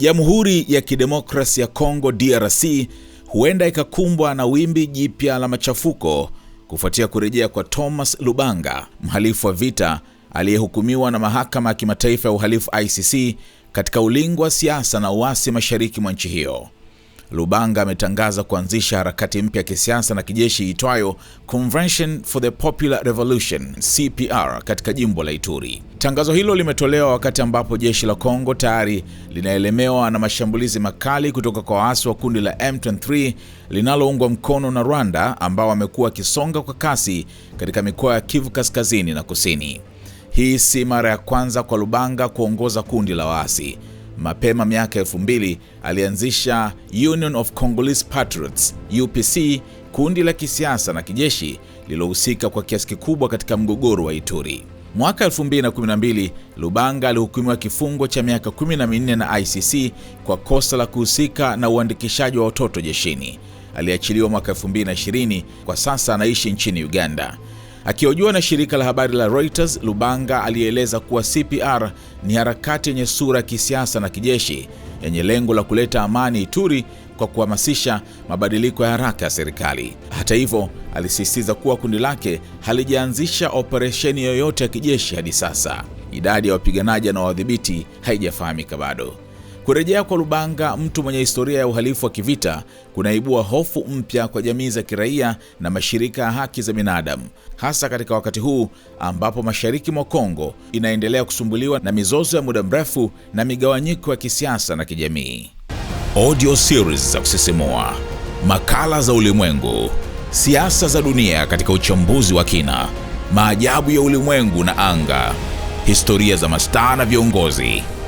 Jamhuri ya Kidemokrasi ya Kongo DRC huenda ikakumbwa na wimbi jipya la machafuko kufuatia kurejea kwa Thomas Lubanga, mhalifu wa vita aliyehukumiwa na Mahakama ya Kimataifa ya Uhalifu ICC katika ulingo wa siasa na uasi mashariki mwa nchi hiyo. Lubanga ametangaza kuanzisha harakati mpya ya kisiasa na kijeshi itwayo Convention for the Popular Revolution CPR katika jimbo la Ituri. Tangazo hilo limetolewa wakati ambapo jeshi la Kongo tayari linaelemewa na mashambulizi makali kutoka kwa waasi wa kundi la M23 linaloungwa mkono na Rwanda ambao wamekuwa wakisonga kwa kasi katika mikoa ya Kivu kaskazini na kusini. Hii si mara ya kwanza kwa Lubanga kuongoza kundi la waasi. Mapema miaka 2000 alianzisha Union of Congolese Patriots UPC, kundi la kisiasa na kijeshi lililohusika kwa kiasi kikubwa katika mgogoro wa Ituri. Mwaka 2012 Lubanga alihukumiwa kifungo cha miaka 14 na ICC kwa kosa la kuhusika na uandikishaji wa watoto jeshini. Aliachiliwa mwaka 2020. Kwa sasa anaishi nchini Uganda. Akiojua na shirika la habari la Reuters, Lubanga alieleza kuwa CPR ni harakati yenye sura ya kisiasa na kijeshi yenye lengo la kuleta amani Ituri kwa kuhamasisha mabadiliko ya haraka ya serikali. Hata hivyo, alisisitiza kuwa kundi lake halijaanzisha operesheni yoyote ya kijeshi hadi sasa. Idadi ya wapiganaji na wadhibiti haijafahamika bado. Kurejea kwa Lubanga, mtu mwenye historia ya uhalifu wa kivita, kunaibua hofu mpya kwa jamii za kiraia na mashirika ya haki za binadamu, hasa katika wakati huu ambapo mashariki mwa Kongo inaendelea kusumbuliwa na mizozo ya muda mrefu na migawanyiko ya kisiasa na kijamii. Audio series za kusisimua, makala za ulimwengu, siasa za dunia katika uchambuzi wa kina, maajabu ya ulimwengu na anga, historia za mastaa na viongozi